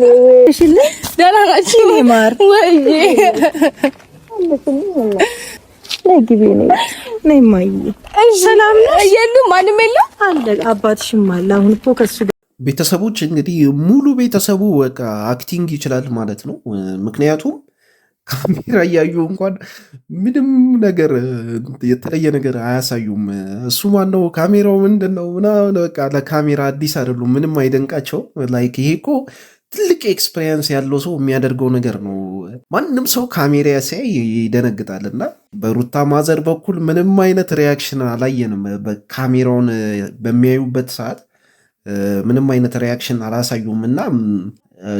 ቤተሰቦች እንግዲህ ሙሉ ቤተሰቡ በቃ አክቲንግ ይችላል ማለት ነው። ምክንያቱም ካሜራ እያዩ እንኳን ምንም ነገር የተለየ ነገር አያሳዩም። እሱ ማነው ካሜራው ምንድን ነው ምናምን በቃ ለካሜራ አዲስ አይደሉም። ምንም አይደንቃቸው ላይክ ይሄ እኮ ትልቅ ኤክስፔሪንስ ያለው ሰው የሚያደርገው ነገር ነው። ማንም ሰው ካሜራ ሲያይ ይደነግጣል እና በሩታ ማዘር በኩል ምንም አይነት ሪያክሽን አላየንም። ካሜራውን በሚያዩበት ሰዓት ምንም አይነት ሪያክሽን አላሳዩም እና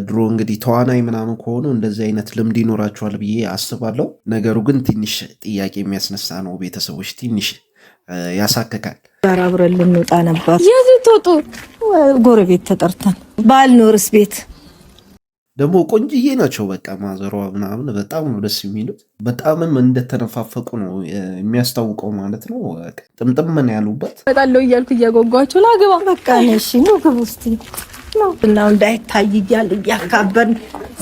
ድሮ እንግዲህ ተዋናይ ምናምን ከሆኑ እንደዚህ አይነት ልምድ ይኖራቸዋል ብዬ አስባለሁ። ነገሩ ግን ትንሽ ጥያቄ የሚያስነሳ ነው። ቤተሰቦች ትንሽ ያሳክካል። ጋር አብረን ልንወጣ ነበር። የዚህ ትወጡ ጎረቤት ተጠርተን ባልኖርስ ቤት ደግሞ ቆንጅዬ ናቸው። በቃ ማዘሯ ምናምን በጣም ነው ደስ የሚሉት። በጣምም እንደተነፋፈቁ ነው የሚያስታውቀው ማለት ነው። ጥምጥምን ያሉበት በጣለው እያልኩ እያጓጓቸው ላግባ በቃ ነሽ ነው ግቡ ስ ነው እንዳይታይ እያል እያካበን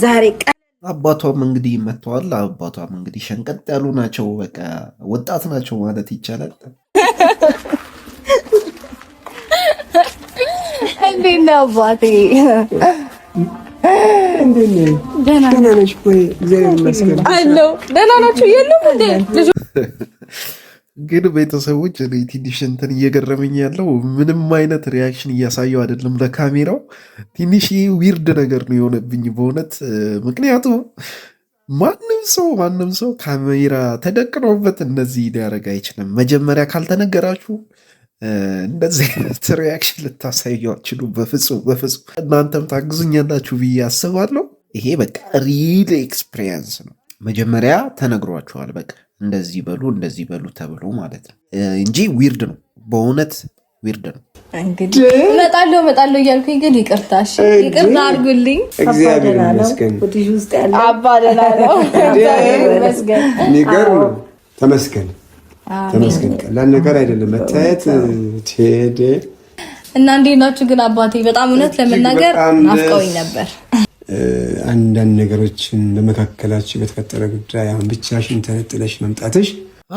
ዛሬ ቀን አባቷም እንግዲህ መጥተዋል። አባቷም እንግዲህ ሸንቀጥ ያሉ ናቸው። በቃ ወጣት ናቸው ማለት ይቻላል። እንዴት ነው አባቴ? ግን ቤተሰቦች እኔ ትንሽ እንትን እየገረመኝ ያለው ምንም አይነት ሪያክሽን እያሳየው አይደለም ለካሜራው። ትንሽ ዊርድ ነገር ነው የሆነብኝ በእውነት ምክንያቱም ማንም ሰው ማንም ሰው ካሜራ ተደቅኖበት እነዚህ ሊያደርግ አይችልም። መጀመሪያ ካልተነገራችሁ እንደዚህ አይነት ሪያክሽን ልታሳዩ አትችሉም። በፍጹም በፍጹም። እናንተም ታግዙኛላችሁ ብዬ አስባለሁ። ይሄ በቃ ሪል ኤክስፒሪየንስ ነው። መጀመሪያ ተነግሯችኋል። በቃ እንደዚህ በሉ እንደዚህ በሉ ተብሎ ማለት ነው እንጂ ዊርድ ነው በእውነት ዊርድ ነው። እንግዲህ እመጣለሁ እመጣለሁ እያልኩኝ ግን ይቅርታ ይቅርታ አድርጉልኝ። እግዚአብሔር ይመስገን አባደላ ነው። ተመስገን ተመስገን ቀላል ነገር አይደለም መታየት ሄደ እና እንዴት ናችሁ ግን አባቴ በጣም እውነት ለመናገር ናፍቀውኝ ነበር አንዳንድ ነገሮችን በመካከላችሁ በተፈጠረ ጉዳይ አሁን ብቻሽን ተነጥለሽ መምጣትሽ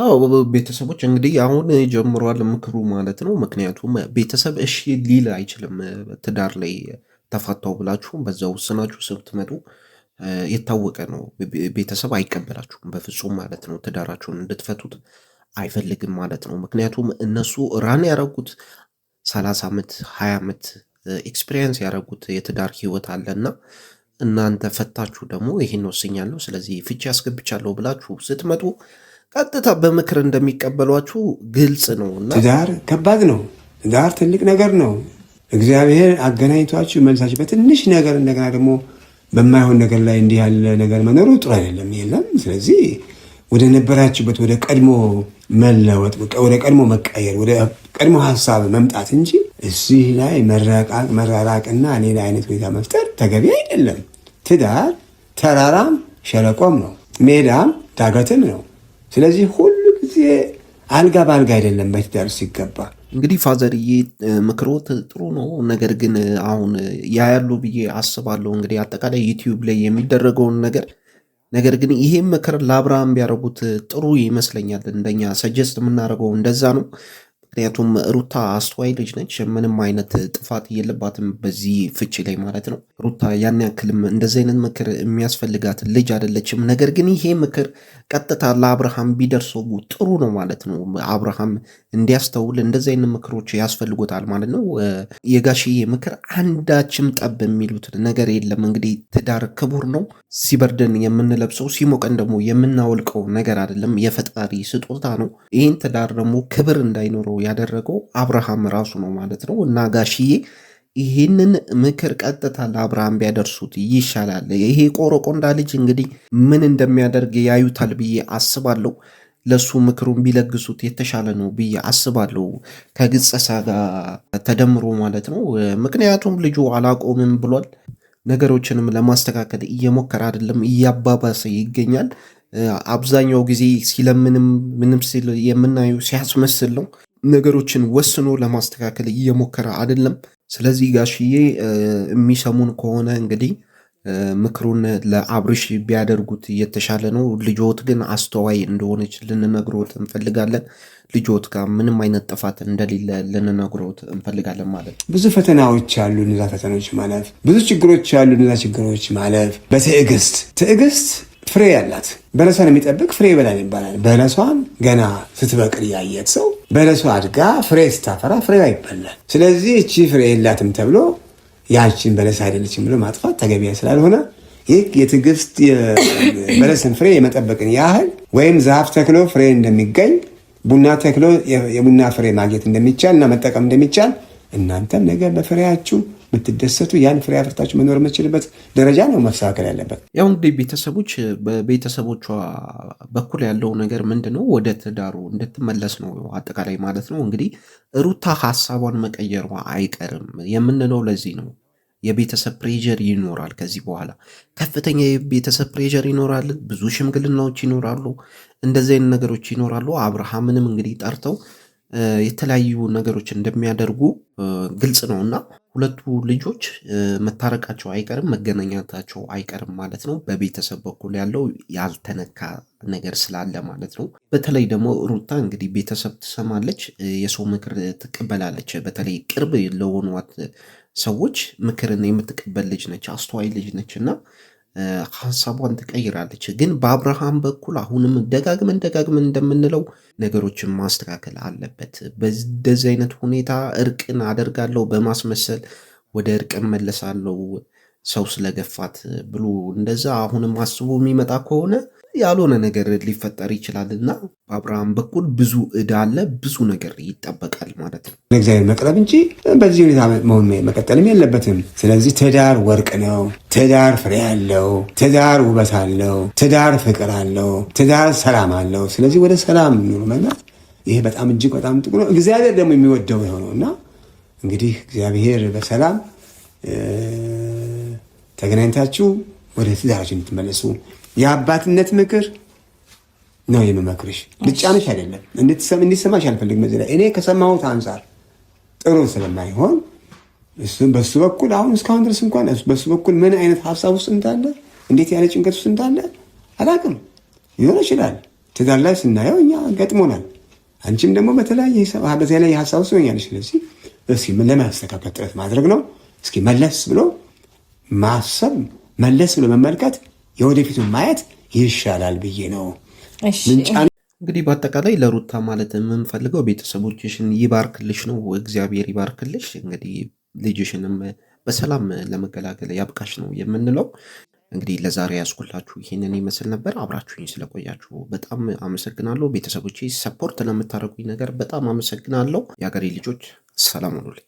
አዎ ቤተሰቦች እንግዲህ አሁን ጀምሯል ምክሩ ማለት ነው ምክንያቱም ቤተሰብ እሺ ሊል አይችልም ትዳር ላይ ተፋታው ብላችሁ በዛ ውስናችሁ ስትመጡ የታወቀ ነው ቤተሰብ አይቀበላችሁም በፍጹም ማለት ነው ትዳራችሁን እንድትፈቱት አይፈልግም ማለት ነው። ምክንያቱም እነሱ ራን ያረጉት ሰላሳ ዓመት ሀያ ዓመት ኤክስፒሪየንስ ያደረጉት የትዳር ህይወት አለና እናንተ ፈታችሁ ደግሞ ይህን ወስኛለሁ ስለዚህ ፍቺ ያስገብቻለሁ ብላችሁ ስትመጡ ቀጥታ በምክር እንደሚቀበሏችሁ ግልጽ ነው። እና ትዳር ከባድ ነው። ትዳር ትልቅ ነገር ነው። እግዚአብሔር አገናኝቷችሁ መልሳችሁ በትንሽ ነገር እንደገና ደግሞ በማይሆን ነገር ላይ እንዲህ ያለ ነገር መኖሩ ጥሩ አይደለም። የለም ስለዚህ ወደ ነበራችሁበት ወደ ቀድሞ መለወጥ ወደ ቀድሞ መቀየር ወደ ቀድሞ ሀሳብ መምጣት እንጂ እዚህ ላይ መራራቅና ሌላ አይነት ሁኔታ መፍጠር ተገቢ አይደለም። ትዳር ተራራም ሸለቆም ነው፣ ሜዳም ዳገትም ነው። ስለዚህ ሁሉ ጊዜ አልጋ በአልጋ አይደለም በትዳር ሲገባ። እንግዲህ ፋዘርዬ ምክሮት ጥሩ ነው። ነገር ግን አሁን ያያሉ ብዬ አስባለሁ። እንግዲህ አጠቃላይ ዩቲዩብ ላይ የሚደረገውን ነገር ነገር ግን ይሄም ምክር ለአብርሃም ቢያደርጉት ጥሩ ይመስለኛል። እንደኛ ሰጀስት የምናደርገው እንደዛ ነው። ምክንያቱም ሩታ አስተዋይ ልጅ ነች። ምንም አይነት ጥፋት የለባትም በዚህ ፍቺ ላይ ማለት ነው። ሩታ ያን ያክልም እንደዚህ አይነት ምክር የሚያስፈልጋት ልጅ አይደለችም። ነገር ግን ይሄ ምክር ቀጥታ ለአብርሃም ቢደርሰው ጥሩ ነው ማለት ነው። አብርሃም እንዲያስተውል እንደዚህ አይነት ምክሮች ያስፈልጎታል ማለት ነው። የጋሽዬ ምክር አንዳችም ጠብ የሚሉት ነገር የለም። እንግዲህ ትዳር ክቡር ነው። ሲበርደን የምንለብሰው ሲሞቀን ደግሞ የምናወልቀው ነገር አይደለም፣ የፈጣሪ ስጦታ ነው። ይህን ትዳር ደግሞ ክብር እንዳይኖረው ያደረገው አብርሃም ራሱ ነው ማለት ነው እና ጋሽዬ ይህንን ምክር ቀጥታ ለአብርሃም ቢያደርሱት ይሻላል። ይሄ ቆረቆንዳ ልጅ እንግዲህ ምን እንደሚያደርግ ያዩታል ብዬ አስባለሁ። ለሱ ምክሩን ቢለግሱት የተሻለ ነው ብዬ አስባለሁ። ከግጸሳ ጋር ተደምሮ ማለት ነው። ምክንያቱም ልጁ አላቆምም ብሏል። ነገሮችንም ለማስተካከል እየሞከረ አይደለም፣ እያባባሰ ይገኛል። አብዛኛው ጊዜ ሲለምንም ምንም ሲል የምናየው ሲያስመስል ነው። ነገሮችን ወስኖ ለማስተካከል እየሞከረ አይደለም። ስለዚህ ጋሽዬ የሚሰሙን ከሆነ እንግዲህ ምክሩን ለአብርሽ ቢያደርጉት የተሻለ ነው። ልጆት ግን አስተዋይ እንደሆነች ልንነግሮት እንፈልጋለን። ልጆት ጋር ምንም አይነት ጥፋት እንደሌለ ልንነግሮት እንፈልጋለን ማለት ነው። ብዙ ፈተናዎች አሉ፣ እነዛ ፈተናዎች ማለፍ፣ ብዙ ችግሮች አሉ፣ እነዛ ችግሮች ማለፍ በትዕግስት ትዕግስት ፍሬ ያላት በለሷን የሚጠብቅ ፍሬ ይበላል ይባላል። በለሷን ገና ስትበቅል ያየት ሰው በለሱ አድጋ ፍሬ ስታፈራ ፍሬዋ ይበላል። ስለዚህ እቺ ፍሬ የላትም ተብሎ ያችን በለስ አይደለችም ብሎ ማጥፋት ተገቢ ስላልሆነ ይህ የትዕግስት በለስን ፍሬ የመጠበቅን ያህል ወይም ዛፍ ተክሎ ፍሬ እንደሚገኝ ቡና ተክሎ የቡና ፍሬ ማግኘት እንደሚቻል እና መጠቀም እንደሚቻል እናንተም ነገር በፍሬያችሁ ብትደሰቱ ያን ፍሬ አፍርታችሁ መኖር የምችልበት ደረጃ ነው መስተካከል ያለበት። ያው እንግዲህ ቤተሰቦች በቤተሰቦቿ በኩል ያለው ነገር ምንድን ነው? ወደ ትዳሩ እንድትመለስ ነው አጠቃላይ ማለት ነው። እንግዲህ ሩታ ሀሳቧን መቀየሯ አይቀርም የምንለው ለዚህ ነው። የቤተሰብ ፕሬዠር ይኖራል። ከዚህ በኋላ ከፍተኛ የቤተሰብ ፕሬዠር ይኖራል። ብዙ ሽምግልናዎች ይኖራሉ። እንደዚህ አይነት ነገሮች ይኖራሉ። አብርሃምንም እንግዲህ ጠርተው የተለያዩ ነገሮች እንደሚያደርጉ ግልጽ ነው እና ሁለቱ ልጆች መታረቃቸው አይቀርም፣ መገናኘታቸው አይቀርም ማለት ነው። በቤተሰብ በኩል ያለው ያልተነካ ነገር ስላለ ማለት ነው። በተለይ ደግሞ ሩታ እንግዲህ ቤተሰብ ትሰማለች፣ የሰው ምክር ትቀበላለች። በተለይ ቅርብ ለሆኗት ሰዎች ምክርን የምትቀበል ልጅ ነች፣ አስተዋይ ልጅ ነች እና ሀሳቧን ትቀይራለች። ግን በአብርሃም በኩል አሁንም ደጋግመን ደጋግመን እንደምንለው ነገሮችን ማስተካከል አለበት። በእንደዚህ አይነት ሁኔታ እርቅን አደርጋለሁ በማስመሰል ወደ እርቅን መለሳለሁ ሰው ስለገፋት ብሎ እንደዛ አሁንም አስቦ የሚመጣ ከሆነ ያልሆነ ነገር ሊፈጠር ይችላል እና በአብርሃም በኩል ብዙ እዳ አለ፣ ብዙ ነገር ይጠበቃል ማለት ነው። ለእግዚአብሔር መቅረብ እንጂ በዚህ ሁኔታ መሆን መቀጠልም የለበትም። ስለዚህ ትዳር ወርቅ ነው። ትዳር ፍሬ አለው። ትዳር ውበት አለው። ትዳር ፍቅር አለው። ትዳር ሰላም አለው። ስለዚህ ወደ ሰላም ኑሩ መናት ይሄ በጣም እጅግ በጣም ጥቁ ነው። እግዚአብሔር ደግሞ የሚወደው የሆነው እና እንግዲህ እግዚአብሔር በሰላም ተገናኝታችሁ ወደ ትዳራችሁ እንድትመለሱ የአባትነት ምክር ነው የምመክርሽ። ልጫንሽ አይደለም እንዲሰማሽ አልፈልግም። እዚህ ላይ እኔ ከሰማሁት አንጻር ጥሩ ስለማይሆን በሱ በኩል አሁን እስካሁን ድረስ እንኳን በሱ በኩል ምን አይነት ሀሳብ ውስጥ እንዳለ እንዴት ያለ ጭንቀት ውስጥ እንዳለ አላቅም ሊሆን ይችላል ትዳር ላይ ስናየው እኛ ገጥሞናል። አንቺም ደግሞ በተለያየ ሀሳብ ውስጥ ሆኛለች። ስለዚህ እስኪ ለማስተካከል ጥረት ማድረግ ነው። እስኪ መለስ ብሎ ማሰብ፣ መለስ ብሎ መመልከት የወደፊቱን ማየት ይሻላል ብዬ ነው። እንግዲህ በአጠቃላይ ለሩታ ማለት የምንፈልገው ቤተሰቦችሽን ይባርክልሽ ነው። እግዚአብሔር ይባርክልሽ። እንግዲህ ልጅሽንም በሰላም ለመገላገል ያብቃሽ ነው የምንለው። እንግዲህ ለዛሬ ያስኩላችሁ ይህንን ይመስል ነበር። አብራችሁኝ ስለቆያችሁ በጣም አመሰግናለሁ። ቤተሰቦቼ ሰፖርት ለምታደርጉኝ ነገር በጣም አመሰግናለሁ። የሀገሬ ልጆች ሰላም ሁኑልኝ።